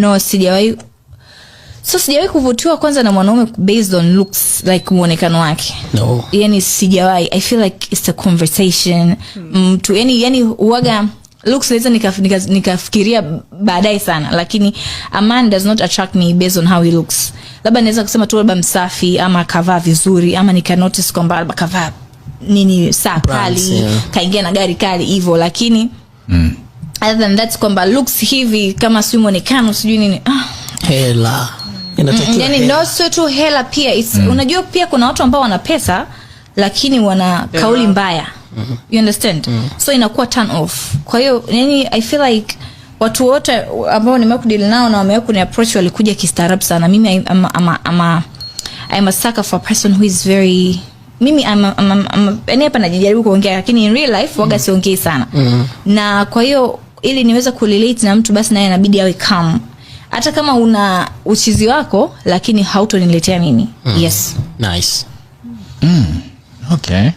no, sijawahi so sijawahi kuvutiwa kwanza na mwanaume based on looks like muonekano wake no. yani sijawahi i feel like it's a conversation hmm. mtu mm, yani yani huaga looks naweza nikafikiria nika, nika baadaye sana lakini a man does not attract me based on how he looks labda naweza kusema tu labda msafi ama akavaa vizuri ama nikanotis kwamba labda kavaa nini saa kali yeah. kaingia na gari kali hivyo lakini mm other than that kwamba looks hivi kama si mwonekano sijui nini ah. hela inatakiwa mm, yani no sio tu hela pia it's, mm. unajua pia kuna watu ambao wana pesa lakini wana hela. kauli mbaya mm-hmm. you understand mm. so inakuwa turn off kwa hiyo yani i feel like watu wote ambao nimewahi kudili nao na wamewahi kuni approach walikuja kistaarabu sana mimi ama ama I'm, I'm, a, I'm a sucker for a person who is very mimi ama ama yani hapa najijaribu kuongea lakini in real life waga mm. siongei sana mm. na kwa hiyo ili niweze kurelate na mtu, basi naye inabidi awe calm hata kama una uchizi wako lakini hautoniletea mimi. Mm. Yes. Nice. Mm. Okay.